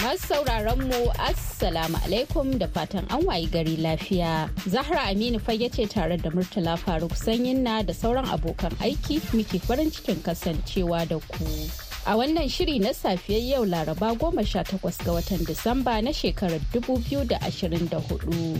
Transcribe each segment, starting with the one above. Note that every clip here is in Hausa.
Masu sauraron mu Assalamu alaikum da fatan an wayi gari lafiya. Zahra Aminu fage ce tare da Murtala Faruk Sanyin na da sauran abokan aiki muke farin cikin kasancewa da ku. a wannan shiri na safiyar yau laraba goma sha takwas ga watan disamba na shekarar 2024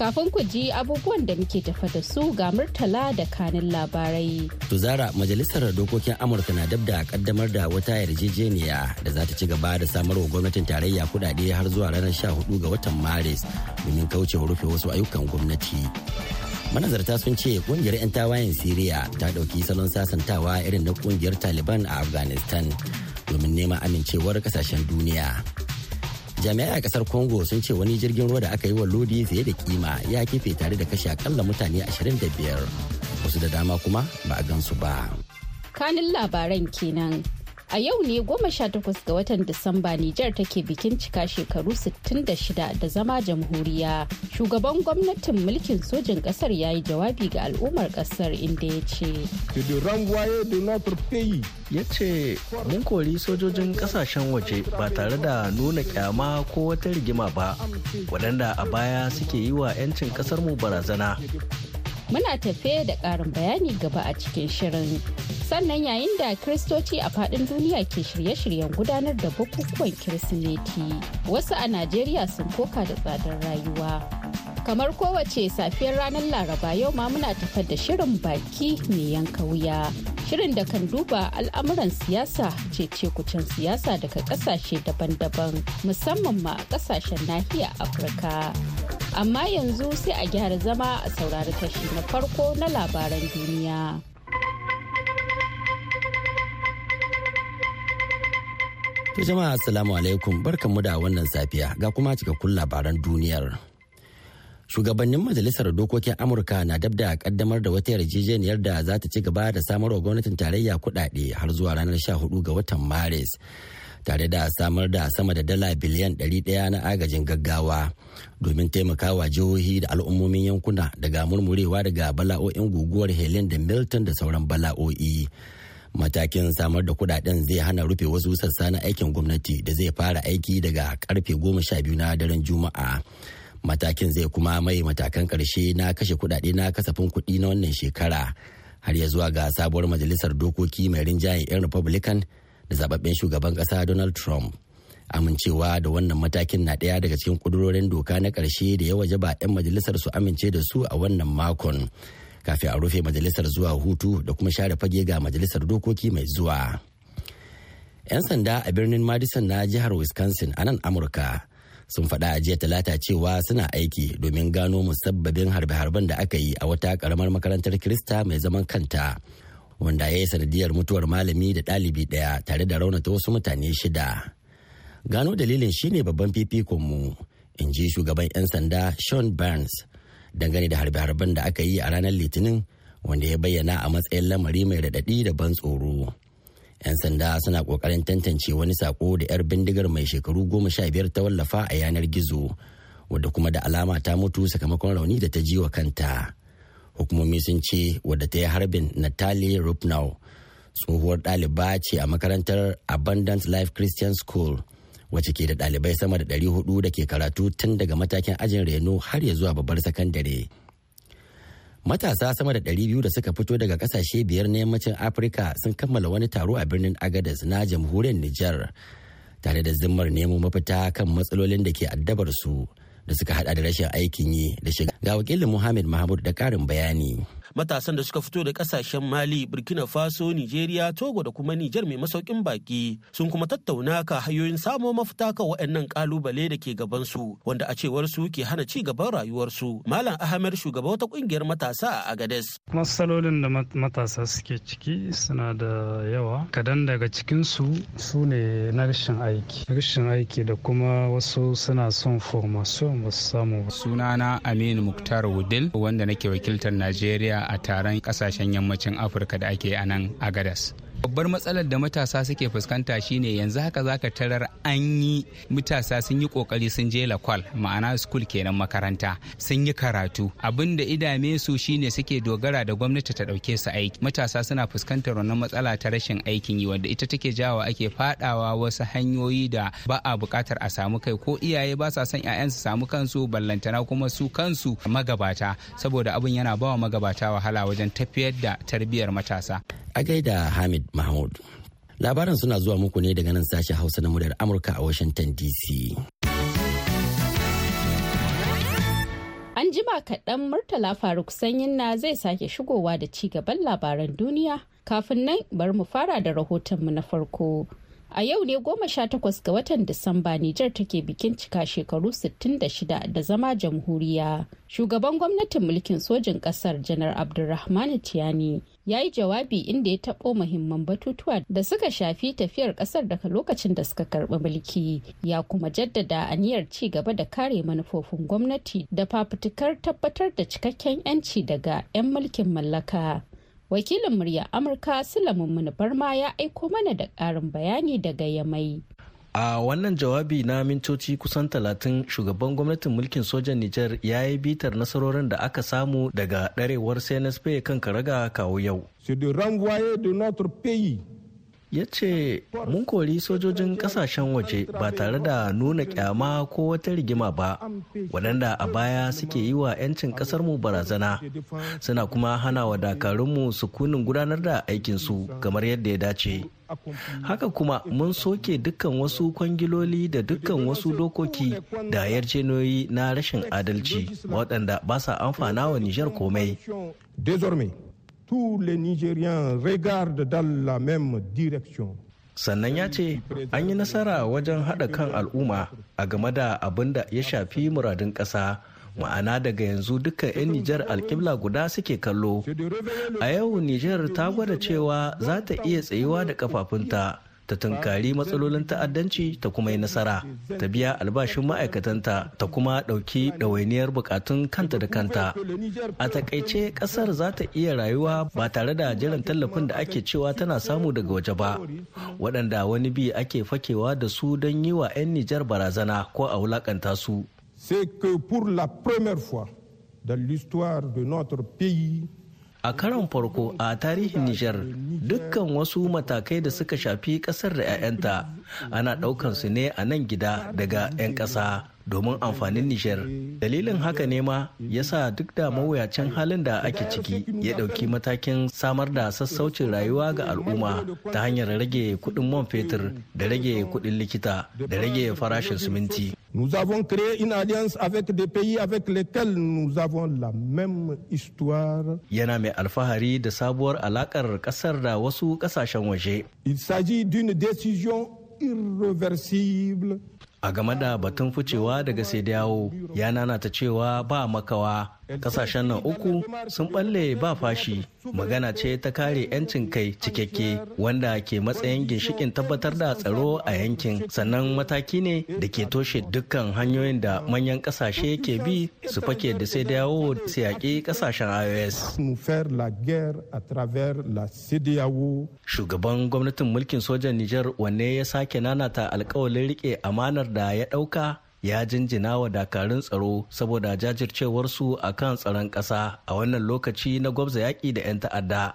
kafin ku ji abubuwan da muke tafa da su ga murtala da kanin labarai. tuzara majalisar dokokin amurka na dab da kaddamar da wata yarjejeniya da za ta ci gaba da samarwa gwamnatin tarayya kudade har zuwa ranar 14 ga watan maris domin kaucewa rufe wasu ayyukan gwamnati manazarta sun ce kungiyar 'yan tawayen siriya ta ɗauki salon sasantawa irin na kungiyar taliban a afghanistan domin neman amincewar kasashen duniya jami'ai a kasar congo sun ce wani jirgin ruwa da aka yi wa lodi fiye da kima ya kife tare da kashe akalla mutane 25 wasu da dama kuma ba a gansu ba kanin labaran kenan A yau ne goma sha takwas ga watan Disamba Nijar take bikin cika shekaru 66 da zama jamhuriya. Shugaban gwamnatin mulkin sojin kasar ya yi jawabi ga al'ummar kasar inda ya ce. Ya ce, mun kori sojojin kasashen waje ba tare da nuna kyama ko wata rigima ba, waɗanda a baya suke yi wa 'yancin ƙasarmu barazana. Muna tafe da ƙarin bayani gaba a cikin shirin. sannan yayin da kristoci a fadin duniya ke shirye-shiryen gudanar da bukukuwan kirsimeti wasu a najeriya sun koka da tsadar rayuwa kamar kowace safiyar ranar laraba yau ma muna tafar da shirin baki mai yanka wuya shirin da kan duba al'amuran siyasa cece kucin siyasa daga kasashe daban-daban musamman ma a kasashen nahiya afirka amma yanzu sai a gyara zama a saurari kashi na farko na labaran duniya. To jama'a assalamu alaikum barkanmu da wannan safiya ga kuma cikakkun labaran duniyar. Shugabannin Majalisar Dokokin Amurka na dabda da kaddamar da wata yarjejeniyar da za ta ci gaba da samarwa gwamnatin tarayya kudade har zuwa ranar 14 ga watan Maris. tare da samar da sama da dala biliyan 100 na agajin gaggawa domin taimakawa jihohi da al'ummomin yankuna daga murmurewa daga bala'o'in guguwar helen da milton da sauran bala'o'i matakin samar da kudaden zai hana rufe wasu sassa na aikin gwamnati da zai fara aiki daga karfe goma sha biyu na daren juma'a matakin zai kuma mai matakan karshe na kashe kudade na kasafin kudi na wannan shekara har ya zuwa ga sabuwar majalisar dokoki mai rinjayen 'yan republican da zababben shugaban kasa donald trump amincewa da wannan matakin na ɗaya daga cikin ƙudurorin doka na ƙarshe da ya waje ba 'yan majalisar su amince da su a wannan makon kafin a rufe majalisar zuwa hutu da kuma share fage ga majalisar dokoki mai zuwa. 'Yan sanda a birnin Madison na jihar Wisconsin a nan Amurka sun faɗa a jiya talata cewa suna aiki domin gano musabbabin harbe-harben da aka yi a wata ƙaramar makarantar Kirista mai zaman kanta. wanda ya yi sanadiyar mutuwar malami da ɗalibi ɗaya tare da raunata wasu mutane shida. Gano dalilin shine babban fifikonmu, in ji shugaban 'yan sanda Sean Burns dangane da harbe-harben da aka yi a ranar litinin wanda ya bayyana a matsayin lamari mai raɗaɗi da ban tsoro. 'Yan sanda suna ƙoƙarin tantance wani sako da 'yar bindigar mai shekaru goma sha biyar ta wallafa a yanar gizo, wadda kuma da alama ta mutu sakamakon rauni da ta ji wa kanta. Hukumomi sun ce wadda ta yi harbin Natalie Rupnau, tsohuwar ɗaliba ce a makarantar Abundant Life Christian School. wacce ke da ɗalibai sama da 400 da ke karatu tun daga matakin ajin reno har ya zuwa babbar sakandare. Matasa sama da 200 da suka fito daga kasashe biyar na yammacin Afirka sun kammala wani taro a birnin Agadez na jamhuriyar Nijar tare da zimmar nemo mafita kan matsalolin da ke addabar su da suka hada da rashin aikin yi da shiga. Ga wakilin Muhammad Mahmud da karin bayani. matasan da suka fito da kasashen mali burkina faso nigeria togo da kuma nijar mai masaukin baki sun kuma tattauna ka hanyoyin samo mafita kan waɗannan kalubale da ke gabansu wanda a cewar su ke hana ci gaban rayuwarsu malam ahmed shugaba wata kungiyar matasa a agades matsalolin da matasa suke ciki suna da yawa kadan daga cikinsu su ne na rashin aiki rashin aiki da kuma wasu suna son formation ba su samu sunana aminu muktar wudil wanda nake wakiltar najeriya a taron kasashen yammacin afirka da ake a nan a Gadas. babbar matsalar da matasa suke fuskanta shine yanzu haka zaka tarar an yi matasa sun yi kokari sun je lakwal ma'ana school kenan makaranta sun yi karatu abinda da idame su shine suke dogara da gwamnati ta dauke su aiki matasa suna fuskantar wannan matsala ta rashin aikin yi wanda ita take jawa ake fadawa wasu hanyoyi da ba a bukatar a samu kai ko iyaye ba sa son 'ya'yansu samu kansu ballantana kuma su kansu magabata saboda abin yana bawa magabata wahala wajen tafiyar da tarbiyyar matasa A gaida Hamid Mahmud. Labaran suna zuwa muku ne daga nan sashen Hausa na muryar Amurka a Washington DC. An jima kaɗan Murtala Faruk Sanyin na zai sake shigowa da ci gaban labaran duniya kafin nan bari mu fara da rahoton mu na farko. A yau ne goma sha takwas ga watan Disamba Nijar take bikin cika shekaru sittin da shida da zama jamhuriya. Shugaban gwamnatin mulkin sojin kasar Janar Abdulrahman Tiyani ya yi jawabi inda ya taɓo muhimman batutuwa da suka shafi tafiyar ƙasar daga lokacin da suka karɓi mulki ya kuma jaddada aniyar ci gaba da kare manufofin gwamnati da fafutukar tabbatar da cikakken 'yanci daga 'yan mulkin mallaka wakilin murya amurka sulamun barma ya aiko mana da ƙarin bayani daga yamai a wannan jawabi na mintoci kusan talatin shugaban gwamnatin mulkin sojan nijar ya yi bitar nasarorin da aka samu daga ɗarewar cnsp kan karaga kawo yau ya ce mun kori sojojin kasashen waje ba tare da nuna kyama ko wata rigima ba waɗanda a baya suke yi wa 'yancin ƙasarmu barazana suna kuma hana wa dakarunmu su kunin gudanar da aikinsu kamar yadda ya dace haka kuma mun soke dukkan wasu kwangiloli da dukkan wasu dokoki da yarjejeniyoyi na rashin adalci waɗanda ba sa amfana wa nijar komai Sannan ya ce an yi nasara wajen haɗa kan al'umma a game da abin da ya shafi muradun ƙasa ma'ana daga yanzu duka 'yan nijar alkibla guda suke kallo a yau nijar ta gwada cewa za ta iya tsayuwa da kafafunta ta tunkari matsalolin ta'addanci ta kuma yi nasara ta biya albashin ma'aikatanta ta kuma ɗauki ɗawainiyar bukatun kanta da kanta a takaice ƙasar za ta iya rayuwa ba tare da jiran tallafin da ake cewa tana samu daga waje ba waɗanda wani bi ake fakewa da su don yi wa 'yan nijar barazana ko a wulaƙanta su c'est que pour la première fois dans l'histoire de notre pays, a karon farko a tarihin Nijar dukkan wasu matakai da suka shafi kasar da 'ya'yanta ana ɗaukan ne a nan gida daga 'yan ƙasa domin amfanin Nijar. Dalilin haka ne ma ya sa duk da mawuyacin halin da ake ciki ya ɗauki matakin samar da sassaucin rayuwa ga al'umma ta hanyar rage kuɗin man fetur da rage kuɗin likita da rage farashin siminti. Nous avons créé une alliance avec des pays avec lesquels nous avons la même histoire. Yana mai alfahari da sabuwar alakar kasar da wasu kasashen waje. Il s'agit d'une décision irreversible. a game da batun ficewa daga sai yawo ya nanata cewa ba makawa kasashen nan uku sun balle ba fashi magana ce ta kare 'yancin kai cikakke wanda ke matsayin ginshikin tabbatar da tsaro a yankin sannan mataki ne da ke toshe dukkan hanyoyin da manyan kasashe ke bi su fake da sai da yawo su yaƙi kasashen ios shugaban gwamnatin mulkin sojan niger wanne ya sake nanata alkawalin rike amanar da ya ɗauka ya jinjina wa dakarun tsaro saboda jajircewarsu a kan tsaron ƙasa a wannan lokaci na gwabza yaƙi da 'yan ta'adda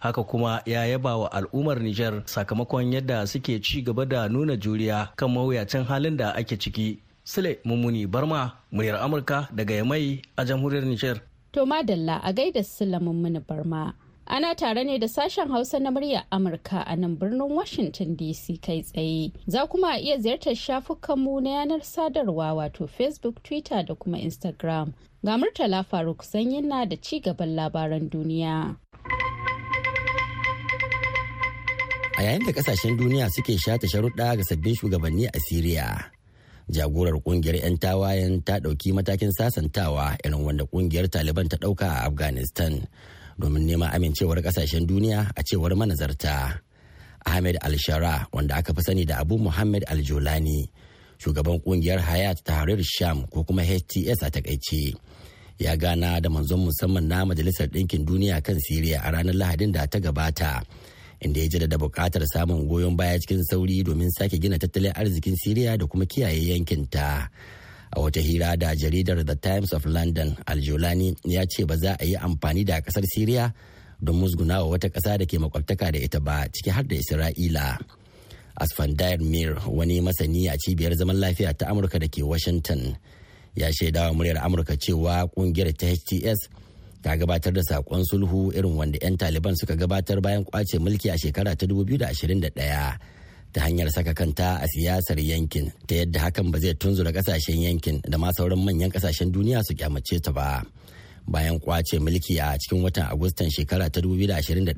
haka kuma ya yaba wa al'ummar Nijar sakamakon yadda suke ci gaba da nuna juriya kan mawuyacin halin da ake ciki. Sule Mummuni Barma, muryar Amurka daga Yamai a jamhuriyar Nijar. To Madalla a gaida Sule Mummuni Barma. Ana tare ne da sashen Hausa na murya Amurka a nan birnin Washington DC kai tsaye. Za kuma a iya ziyartar shafukanmu na yanar sadarwa wato Facebook, Twitter da kuma Instagram. Ga Murtala Faruk na da ci gaban labaran duniya. A yayin da kasashen duniya suke shata sharuɗa ga sabbin shugabanni a Siriya. Jagorar kungiyar 'yan tawayen ta ɗauki matakin sasantawa irin wanda kungiyar Taliban ta ɗauka a Afghanistan. domin neman amincewar kasashen duniya a cewar manazarta. Ahmed Alshara wanda aka fi sani da Abu Muhammad al shugaban kungiyar Hayat ta harar Sham ko kuma HTS a takaice. Ya gana da manzon musamman na Majalisar Ɗinkin Duniya kan Siriya a ranar Lahadin da ta gabata inda ya jaddada buƙatar samun goyon baya cikin sauri domin sake gina tattalin arzikin Siriya da kuma kiyaye yankinta. a wata hira da jaridar the times of london aljolani ya ce ba za a yi amfani da kasar syria don wa wata ƙasa da ke makwabtaka da ita ba ciki har da isra'ila asfandayar mir wani masani a cibiyar zaman lafiya ta amurka da ke washington ya shaidawa muryar amurka cewa kungiyar ta hts ta gabatar da saƙon sulhu irin wanda 'yan taliban suka gabatar bayan kwace mulki a shekara ta 2021 ta hanyar saka kanta a siyasar yankin ta yadda hakan ba zai tunzura kasashen yankin da ma sauran manyan kasashen duniya su kyamace ta ba bayan kwace mulki a cikin watan agustan shekara ta 2021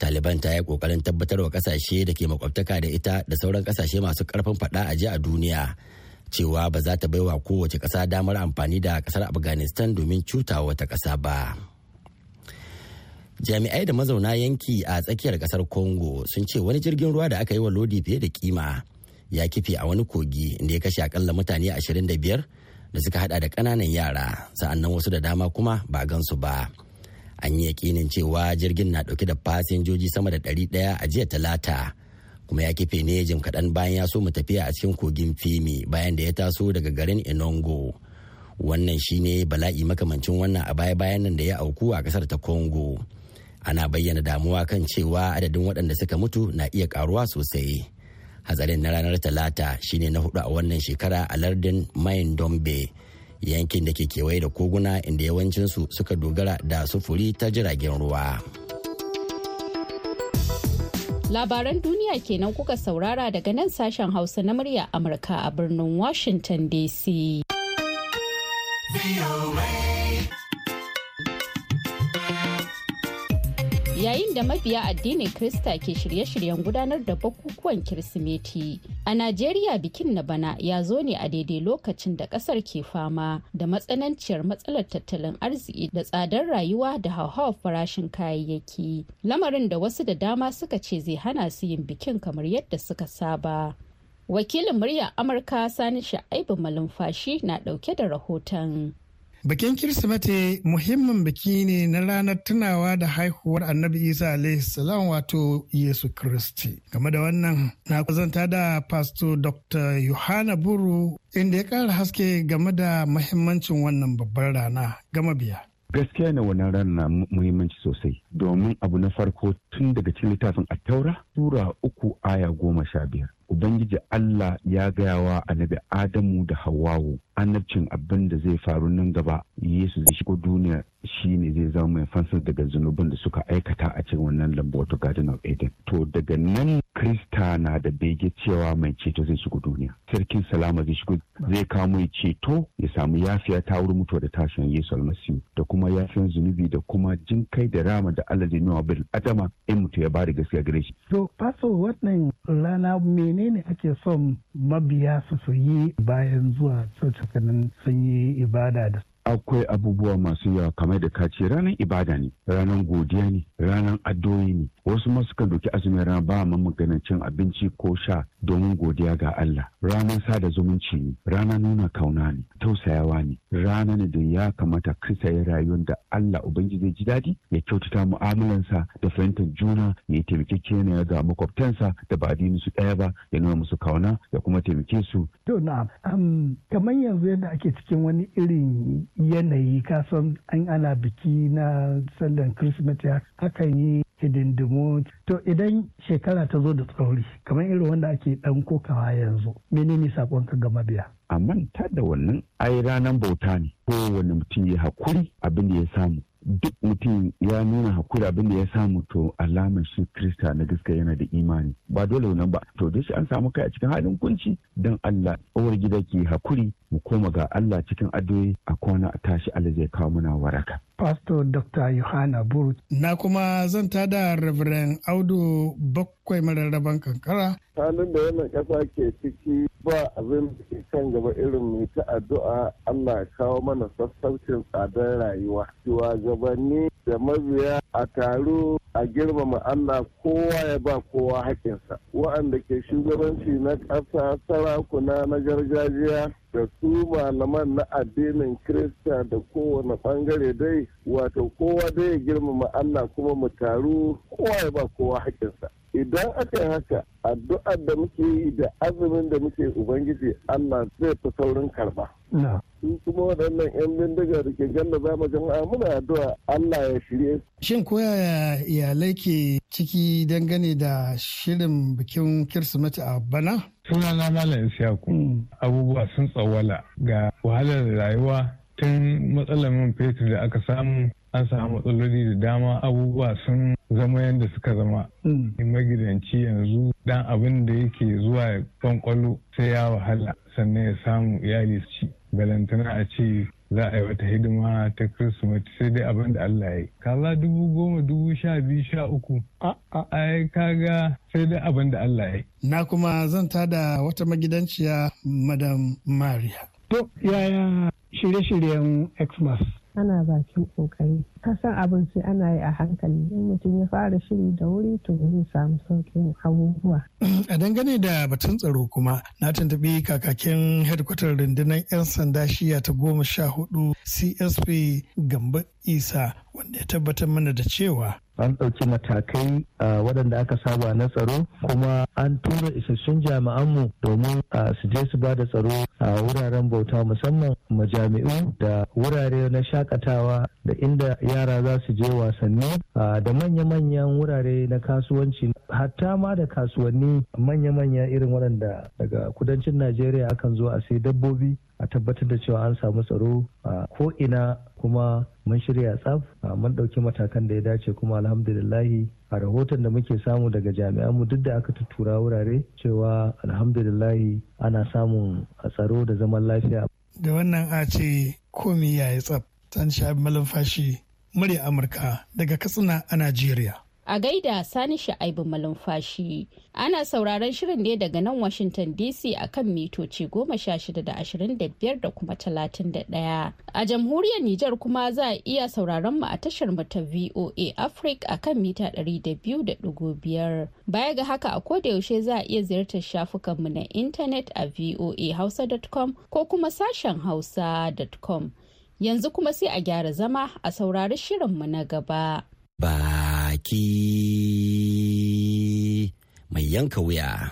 taliban ta yi kokarin tabbatar wa kasashe da ke makwabtaka da ita da sauran kasashe masu karfin fada a ji a duniya cewa ba za ta baiwa kowace ƙasa damar amfani da ƙasar afghanistan domin cutawa wata ƙasa ba. jami'ai da mazauna yanki a tsakiyar kasar congo sun ce wani jirgin ruwa da aka yi wa lodi fiye da kima ya kife a wani kogi da ya kashe akalla mutane 25 da suka hada da kananan yara sa'annan wasu da dama kuma ba gansu ba an yi yakinin cewa jirgin na dauke da fasinjoji sama da 100 a jiya talata kuma ya kife ne jim kaɗan bayan ya so mu tafiya a cikin kogin fimi bayan da ya taso daga garin inongo wannan shine bala'i makamancin wannan a baya-bayan nan da ya auku a kasar ta congo ana bayyana damuwa kan cewa adadin waɗanda suka mutu na iya karuwa sosai hatsarin na ranar talata shine na hudu a wannan shekara a lardin main dombe yankin da ke kewaye da koguna inda yawancinsu suka dogara da sufuri ta jiragen ruwa labaran duniya kenan kuka saurara daga nan sashen hausa na murya amurka a birnin washington dc yayin da mabiya addinin Krista ke shirye-shiryen gudanar da bukukuwan Kirsimeti. A Najeriya bikin na bana ya zo ne a daidai lokacin da kasar ke fama da matsananciyar matsalar tattalin arziki da tsadar rayuwa da hauhawar farashin kayayyaki. Lamarin da wasu da dama suka ce zai hana su yin bikin kamar yadda suka saba. Wakilin muryar Amurka Sani Sha'aibu Malumfashi na ɗauke da rahoton. Bikin Kirsimeti muhimmin biki ne na ranar tunawa da haihuwar Annabi Isa alaihi salam wato Yesu Kiristi. Game da wannan na kuzanta da Pastor Dr. Yohana Buru inda ya ƙara haske game da muhimmancin wannan babban rana gama biya. gaskiya na wannan ran na muhimmanci sosai domin abu na farko tun daga cikin littafin attaura tura uku aya goma sha biyar ubangiji allah ya gaya gayawa annabi adamu da hawawu annabcin abin da zai faru nan gaba yesu zai shigo duniya ne zai zama mai fansar daga zunubin da suka aikata a cikin wannan lambu wato garden of eden to daga nan krista na da bege cewa mai ceto zai shigo duniya sarkin salama zai shigo zai kamo mai ceto ya samu yafiya ta wuri mutuwa da tashin yesu almasihu da kuma yafiyan zunubi da kuma jin kai da rama da allah zai nuna bil adama in mutu ya bada gaskiya gare shi. to faso wannan rana menene ake son mabiya su yi bayan zuwa tsakanin sun yi ibada da akwai abubuwa masu yawa kamar da kace ranar ibada ne ranar godiya ne ranar addu'o'i ne wasu ma suka doki azumin rana ba ma maganin cin abinci ko sha domin godiya ga Allah ranar sada zumunci ne rana nuna kauna ne tausayawa ne rana ne da ya kamata Kirista ya rayuwar da Allah Ubangiji ji daɗi ya kyautata mu'amalansa da fahimtar juna ya taimakekeniya ga makwabtansa da ba dini su ɗaya ba ya nuna musu kauna ya kuma taimake su. To na kamar yanzu yadda ake cikin wani irin yanayi kasan an ana biki na sallan Kirsimeti akan yi hidindimu to idan shekara ta zo da tsauri kamar irin wanda ake dan kokawa yanzu menene sakonka ga mabiya a manta da wannan ai ranar bauta ne Ko kowane mutum ya hakuri abin da ya samu duk mutum ya nuna hakuri abin da ya samu to alamar shi krista na gaske yana da imani ba dole wannan ba to duk an samu kai a cikin halin kunci dan Allah uwar gida ke hakuri mu koma ga Allah cikin addu'o'i a kwana a tashi Allah zai kawo muna waraka Pastor Dr. Yohana Burut. Na kuma zan tada Reverend Audu bakwai mararraban kankara. Halin da wannan ƙasa ke ciki ba abin kan gaba irin mai ta addu'a Allah kawo mana sassaucin tsadar rayuwa. gabanni da mabiya a taro a girmama Allah kowa ya ba kowa hakinsa. Wa'anda ke shugabanci na ƙasa sarakuna na gargajiya da su malaman na addinin Kirista da kowane bangare dai wato kowa dai ya girmama Allah kuma mu taru kowa ya ba kowa hakinsa. Idan aka yi haka addu'ar da muke yi da azumin da muke Ubangiji Allah zai fi saurin karba. Su kuma waɗannan 'yan bindiga da ke galla za mu jama'a muna addu'a Allah ya shirye. Shin ko yaya iyalai ke ciki dangane da shirin bikin Kirsimeti a bana? sunana malam siyaku hmm. abubuwa sun tsawala ga wahalar rayuwa tun matsalar man fetur da aka samu an samu matsaloli da dama abubuwa sun zama yadda suka zama hmm. magidanci yanzu dan abin da yake zuwa ya kwankwalo sai ya wahala sannan ya samu iyali su ci balantana a ce za a yi wata hidima ta kirsimeti sai dai abin da Allah ya yi kaza dubu goma dubu sha biyu sha uku ai kaga sai dai abin da Allah ya yi na kuma zan ta da wata magidanciya madam maria to yaya shirye-shiryen xmas ana bakin kokari kasan sai ana yi a hankali in mutum ya fara shiri da wuri to zai samu saukin abubuwa. a dangane da batun tsaro kuma na tuntuɓi kakakin hedkwatar rundunar 'yan sanda shiya ta goma sha hudu csp gamba isa wanda ya tabbatar mana da cewa an ɗauki matakai a waɗanda aka saba na tsaro kuma an tura isassun jami'anmu domin su je su ba da tsaro a wuraren bauta musamman majami'u da wurare na shakatawa da inda yara za su je wasanni da manya-manyan wurare na kasuwanci hatta ma da kasuwanni manya-manya irin waɗanda daga kudancin najeriya akan zo a sai dabbobi a tabbatar da cewa an samu tsaro a ko'ina kuma mun shirya tsaf mun ɗauki matakan da ya dace kuma alhamdulillahi a rahoton da muke samu daga jami'an mu duk da aka tuttura wurare cewa alhamdulillahi ana samun tsaro da zaman lafiya da wannan a ce komi ya yi tsaf tan shabi malumfashi murya Amurka daga Katsina a Najeriya. A gaida Sani Sha'aibu Malumfashi ana sauraron shirin ne daga nan Washington DC a kan mitoci goma sha shida da ashirin da biyar da kuma talatin da ɗaya. A jamhuriyar Nijar kuma za a iya sauraron mu a tashar mu ta VOA Africa a kan mita ɗari da biyu da ɗigo biyar. Baya ga haka a koda yaushe za a iya ziyartar shafukanmu na intanet a voahausa.com ko kuma sashen hausa.com. Yanzu kuma sai a gyara zama a saurari shirinmu na gaba. Baki mai yanka wuya.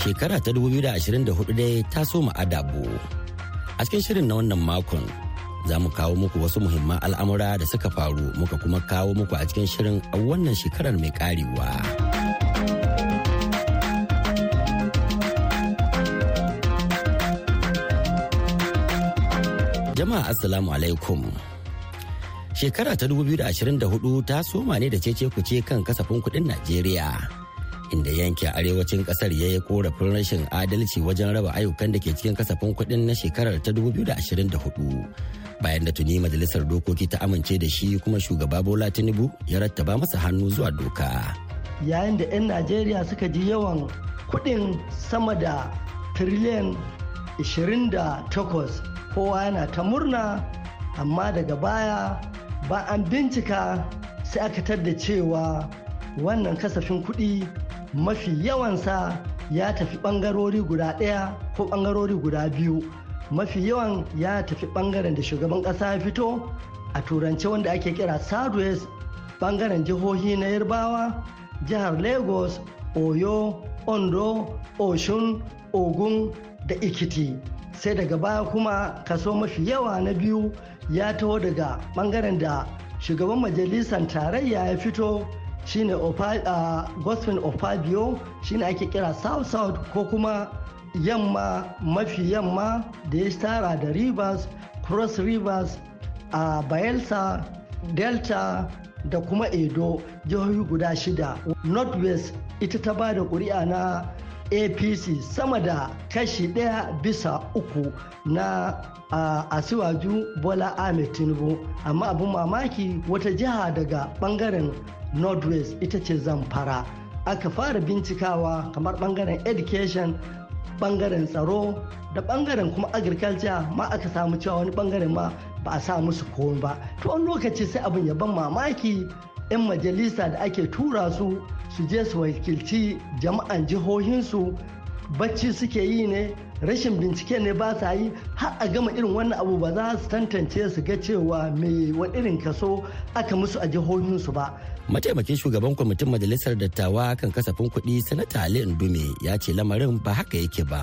Shekara ta 2024 dai ta so adabu. A cikin shirin na wannan makon za mu kawo muku wasu muhimman al'amura da suka faru muka kuma kawo muku a cikin shirin a wannan shekarar mai karewa. Jama'a Assalamu alaikum. Shekara ta 2024 ta soma ne da cece kuce kan kasafin kuɗin Najeriya. Inda yanke arewacin ƙasar ya yi korafin rashin adalci wajen raba ayyukan da ke cikin kasafin kuɗin na shekarar ta 2024. Bayan da tuni majalisar dokoki ta amince da shi kuma shugaba Bola Tinubu ya rattaba masa hannu zuwa doka. Yayin da 'yan Najeriya suka ji yawan kuɗin sama da tiriliyan 28 kowa yana ta murna amma daga baya ba an bincika sai aka tadda cewa wannan kasafin kuɗi mafi yawansa ya tafi ɓangarori guda ɗaya ko ɓangarori guda biyu mafi yawan ya tafi ɓangaren da shugaban ƙasa ya fito a turance wanda ake kira southwest ɓangaren jihohi na yarbawa jihar lagos oyo ondo oshun ogun da ikiti sai daga baya kuma kaso mafi yawa na biyu ya taho daga bangaren da shugaban majalisar tarayya ya fito shine gosfin ofabio shine ake kira south south ko kuma yamma mafi yamma da ya tara da rivers cross rivers a bayelsa delta da kuma edo jihohi guda shida northwest ita ta ba da kuri'a na apc sama da kashi ɗaya bisa uku na uh, asiwaju bola ahmed tinubu amma abin mamaki wata jiha daga bangaren northwest ita ce zamfara aka fara bincikawa kamar bangaren education bangaren tsaro da ɓangaren kuma agriculture ma aka samu cewa wani bangaren ma ba a sa musu komai ba to wani lokaci sai abin ya ban mamaki 'yan majalisa da ake tura su su je su wakilci jama'an jihohinsu bacci suke yi ne rashin bincike ne ba sa yi har a gama irin wannan abu ba za su tantance su ga cewa mai wa irin kaso aka musu a jihohinsu ba. Mataimakin shugaban kwamitin majalisar dattawa kan kasafin kuɗi sanata Ali Ndume ya ce lamarin ba haka yake ba.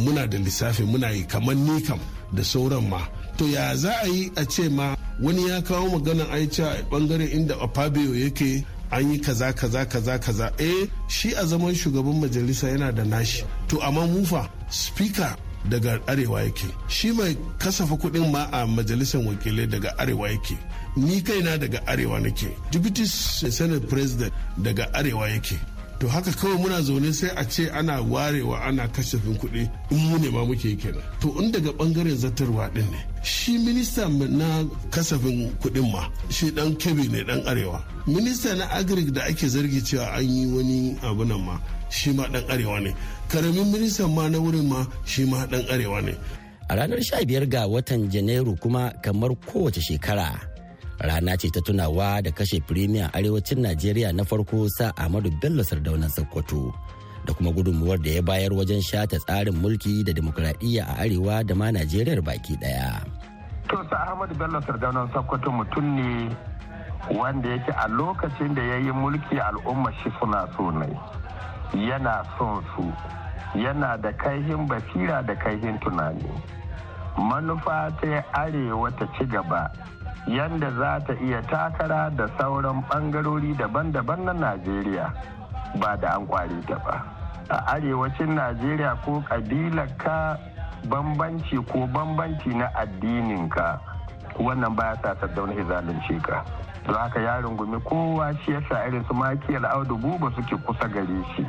muna da lissafi muna yi kamar ni kam da sauran ma to ya za a yi a ce ma wani ya kawo maganan aicha a bangaren inda fabio yake an yi kaza kaza kaza kaza eh shi a zaman shugaban majalisa yana da nashi to amma mufa speaker daga arewa yake shi mai kasafa kuɗin ma a majalisar wakilai daga arewa yake ni kaina daga arewa nake deputy senate president daga arewa yake to haka kawai muna zaune sai a ce ana warewa ana kasafin kuɗi in mu ne ma muke kenan to in daga bangaren zartarwa din ne shi minista na kasafin kuɗin ma shi dan kebi ne dan arewa minista na agric da ake zargi cewa an yi wani abu nan ma shi ma dan arewa ne karamin minista ma na wurin ma shi ma dan arewa ne a ranar 15 ga watan janairu kuma kamar kowace shekara rana ce ta tunawa da kashe firimiyan arewacin najeriya na farko sa Amadu bello sardaunan sokoto da kuma gudunmuwar da ya bayar wajen shata tsarin mulki da demokuraɗiyya a arewa da ma najeriyar baki ɗaya. to sa ahmadu bello sardaunan sokoto mutum ne wanda yake a lokacin da ya yi mulki al'umma shi suna so yana son su yana da kaihin basira da kaihin tunani manufa ta arewa ta ci gaba yadda za ta iya takara da sauran bangarori daban-daban na najeriya ba da an kware ta ba a arewacin najeriya ko ka bambanci ko bambanci na addininka wannan baya sa saddauna izalin ka don haka ya rungumi kowa shi sa irin su makiyar audu buba suke kusa gare shi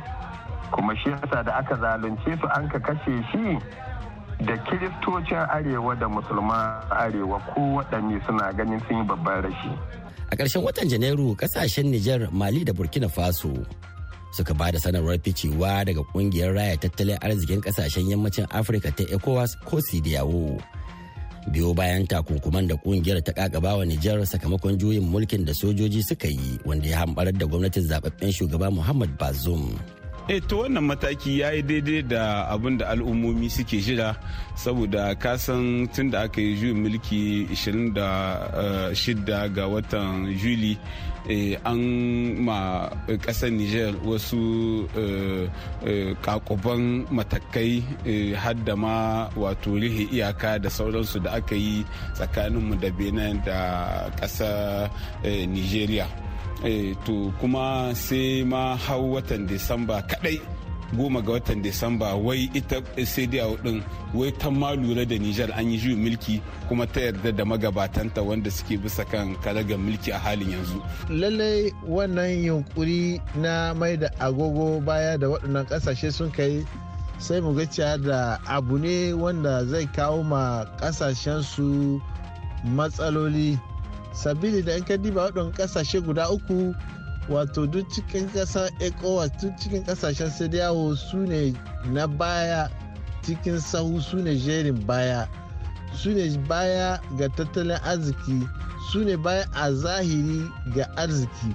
kuma shi yasa da aka zalunce su an ka kashe shi da kiristocin arewa da musulman arewa ko waɗanne suna ganin sun yi babban rashi a ƙarshen watan janairu ƙasashen nijar mali da burkina faso suka ba da sanarwar ficewa daga ƙungiyar raya tattalin arzikin ƙasashen yammacin afirka ta ecowas ko sidiyawo biyo bayan takunkuman da ƙungiyar ta ƙaƙabawa wa nijar sakamakon juyin mulkin da sojoji suka yi wanda ya hambarar da gwamnatin zaɓaɓɓen shugaba muhammad bazoum e to wannan mataki ya yi daidai da abin da al'ummomi suke jira saboda kasan tun da aka yi juyin mulki 26 eh, ga watan juli eh, an ma kasar niger wasu kakuban matakai hadda ma wato rihe iyaka da sauransu da aka yi tsakaninmu da benin da kasar nigeria Eh, to kuma sai ma hau watan disamba kadai goma ga watan disamba wai ita eh, sai dai hau din wai ta ma lura da nijar an yi juyin mulki kuma ta yarda da magabatanta wanda suke bisa kan karagar mulki a halin yanzu lallai wannan yunkuri na mai da agogo baya da waɗannan ƙasashe sun kai sai mu ga cewa da abu ne wanda zai kawo ma ƙasashensu matsaloli sabili da in ka diba waɗannan ƙasashe guda uku wato duk cikin ƙasar ecowas duk cikin ƙasashen sadiyawo su ne na baya cikin sahu su ne jerin baya su ne baya ga tattalin arziki su ne baya a zahiri ga arziki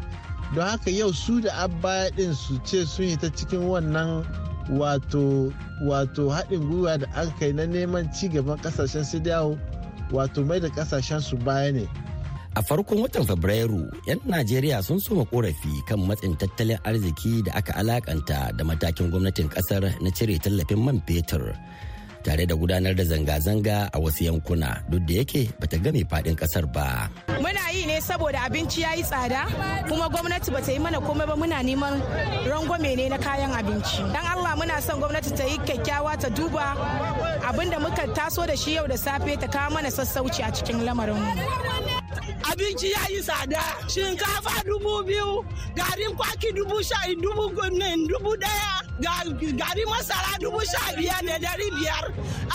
don haka yau su da abaya din su ce sun yi ta cikin wannan wato wato haɗin gwiwa da an kai na neman ci gaban ƙasashen su wato mai da ƙasashen su baya ne A farkon watan Fabrairu, 'yan Najeriya sun soma korafi kan matsin tattalin arziki da aka alakanta da matakin gwamnatin kasar na cire tallafin man fetur. tare da gudanar da zanga-zanga a wasu yankuna duk da yake bata game fadin kasar ba. Muna yi ne saboda abinci ya yi tsada kuma gwamnati bata yi mana komai ba muna neman rangwame ne na kayan abinci. Dan Allah muna son gwamnati ta yi kyakkyawa ta duba abin da muka taso da shi yau da safe ta kawo mana sassauci a cikin lamarin mu. abinci ya yi tsada shinkafa dubu biyu garin kwaki dubu sha dubu dubu daya gari masara dubu sha biyar ne dari biyar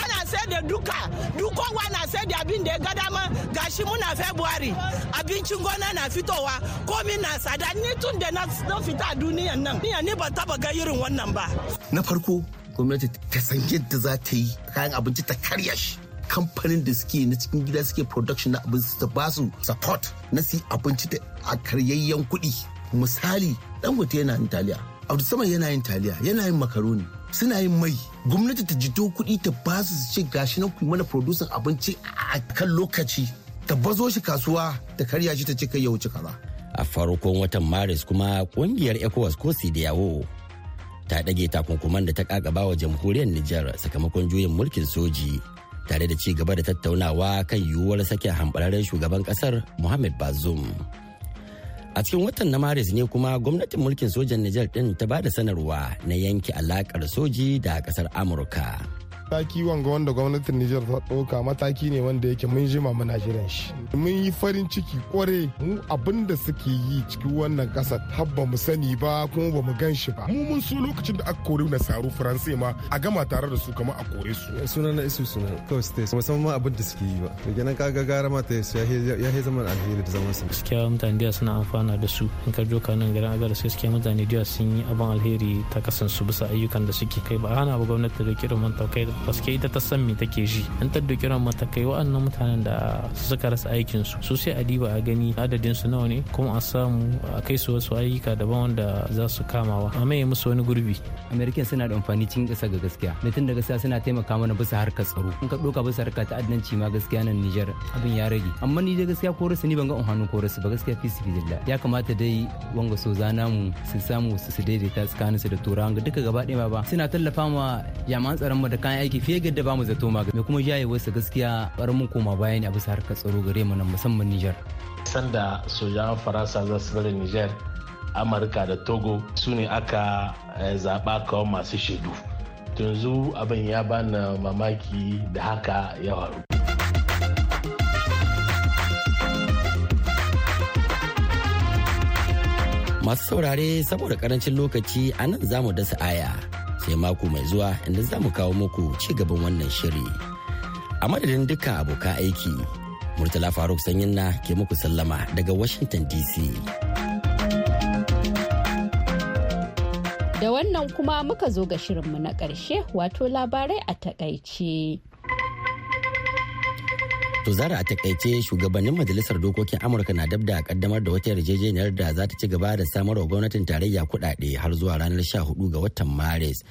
ana sai da duka dukowa na sai da abin da ya ga dama gashi muna february abincin gona na fitowa komi na tsada ni tun da na fita duniyan nan ni ba taba ga irin wannan ba na farko gwamnati ta san yadda za ta yi kayan abinci ta karya shi kamfanin da suke na cikin gida suke production na abinci su ba su support na si abinci da a karyayyen kuɗi misali dangote yana yin taliya abu sama yana yin taliya yana yin makaroni suna yin mai gwamnati ta jito kuɗi ta ba su ce gashi nan ku mana producing abinci a kan lokaci ta bazo shi kasuwa ta karya shi ta ce kai ya wuce kaza a farkon watan maris kuma kungiyar ecowas ko yawo ta ɗage takunkuman da ta kakaba wa jamhuriyar Nijar sakamakon juyin mulkin soji tare da ci gaba da tattaunawa kan yiwuwar sake hambararren shugaban kasar Muhammad Bazoum. A cikin watan na Maris ne kuma gwamnatin mulkin sojan Nijar ɗin ta ba da sanarwa na yanke alakar soji da kasar Amurka. mataki wanga wanda gwamnatin Nijar ta ɗauka mataki ne wanda yake mun jima muna jiran shi. Mun yi farin ciki kware mu abin da suke yi cikin wannan ƙasa habba mu sani ba kuma ba mu gan shi ba. Mu mun so lokacin da aka kore na saru ma a gama tare da su kamar a kore su. Sunan na isu sunan kawai su taisa musamman abin da suke yi ba. Daga nan kaga gara ma ta ya yi zaman alheri da zaman su. Gaskiya mutane da suna amfana da su. In ka joka nan garin agar suke mutane da sun yi abin alheri ta su bisa ayyukan da suke kai ba hana ba gwamnati da kiran mun kai paske ita ta san me take ji an ta kiran matakai wa'annan mutanen da suka rasa aikin su su sai a diba a gani adadin su nawa ne kuma a samu a kai su wasu ayyuka daban wanda za su kama wa. a maye musu wani gurbi american suna da amfani cikin kasa ga gaskiya ne tun da gaskiya suna taimaka mana bisa harkar tsaro in ka doka bisa harkar ta'addanci ma gaskiya nan Nijar abin ya rage amma ni da gaskiya ko rasu ni ban ga hannu ko rasu ba gaskiya fi su ya kamata dai wanga so zana mu su samu su daidaita tsakaninsu da turawa duka gaba ɗaya ba suna tallafa ma jami'an tsaron mu da kayan yake fiye ga da bamu zato ma kuma jayewarsa gaskiya mun koma baya ne a bisa harkar tsaro gare mu na musamman Nijar. Sanda sojan Faransa za su bari Nijar, Amurka da Togo su ne aka eh, zaɓa kawo masu shaidu. Tunzu abin ya bani mamaki da haka ya faru. Masu saurare saboda karancin lokaci a nan za mu dasa aya. sai mako mai zuwa inda za mu kawo muku ci gaban wannan shiri a madadin duka abokan aiki murtala faruk sanyin na ke muku sallama daga washington dc da wannan kuma muka zo ga shirinmu na ƙarshe wato labarai a takaice. To zara a takaice shugabannin majalisar dokokin Amurka na dab da kaddamar da wata yarjejeniyar da za ta ci gaba da samar wa gwamnatin tarayya kuɗaɗe har zuwa ranar 14 ga watan Maris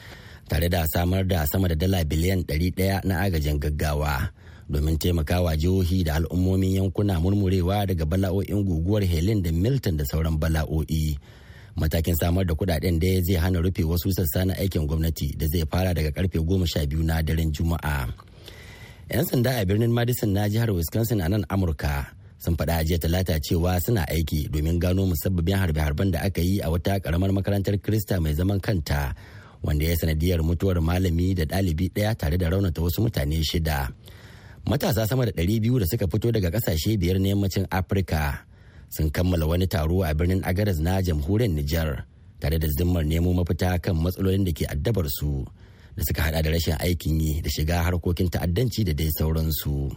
tare da samar da sama da dala biliyan 100 na agajin gaggawa domin taimakawa jihohi da al'ummomin yankuna murmurewa daga bala'o'in guguwar Helen da Milton da sauran bala'o'i. Matakin samar da kuɗaɗen da zai hana rufe wasu sassa na aikin gwamnati da zai fara daga karfe biyu na daren Juma'a. 'yan sanda a birnin madison na jihar wisconsin a nan amurka sun faɗa jiya talata cewa suna aiki domin gano musabbabin harbe-harben da aka yi a wata karamar makarantar krista mai zaman kanta wanda ya sanadiyar mutuwar malami da ɗalibi ɗaya tare da raunata wasu mutane shida matasa sama da ɗari biyu da suka fito daga ƙasashe biyar na yammacin afirka sun kammala wani taro a birnin agaras na jamhuriyar nijar tare da zimmar nemo mafita kan matsalolin da ke addabar su da suka hada da rashin aikin yi da shiga harkokin ta'addanci da dai sauransu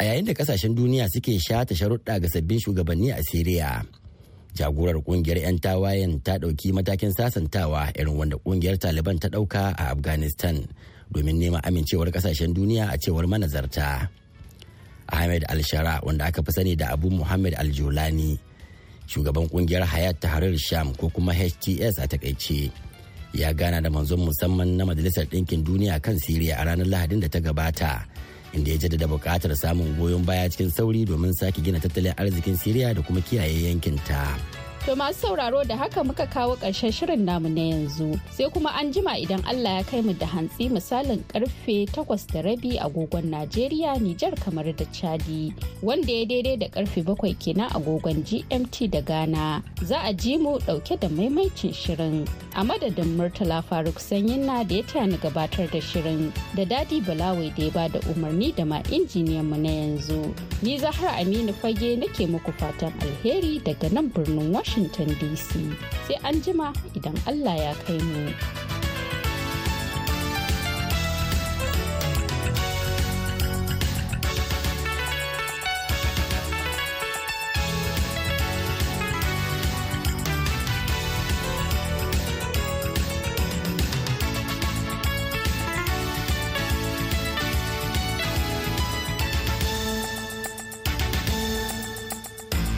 a yayin da kasashen duniya suke sha shata sharuɗa ga sabbin shugabanni a siriya jagorar kungiyar 'yan tawayen ta ɗauki matakin sasantawa irin wanda kungiyar taliban ta ɗauka a afghanistan domin neman amincewar kasashen duniya a cewar manazarta ahmed al-shara wanda aka fi sani da abu muhammad al-julani shugaban kungiyar hayat tahrir sham ko kuma hts a takaice ya gana da manzon musamman na majalisar ɗinkin duniya kan siriya a ranar lahadin da ta gabata inda ya jaddada buƙatar samun goyon baya cikin sauri domin sake gina tattalin arzikin siriya da kuma kiyaye yankinta. ta To masu sauraro da haka muka kawo ƙarshen shirin namu na yanzu. Sai kuma an jima idan Allah ya kai mu da hantsi misalin karfe takwas da rabi agogon Najeriya, Nijar kamar da Chadi, wanda ya daidai da karfe bakwai kenan agogon GMT da Ghana. Za a ji mu ɗauke da maimaicin shirin. A madadin Murtala Faruk Sanyin na da ya taya ni gabatar da shirin da Dadi Balawai da ya ba da umarni da ma injiniyan mu na yanzu. Ni Zahra Aminu Fage nake muku fatan alheri daga nan birnin Washington. Washington DC. Sai an jima idan Allah ya kai mu.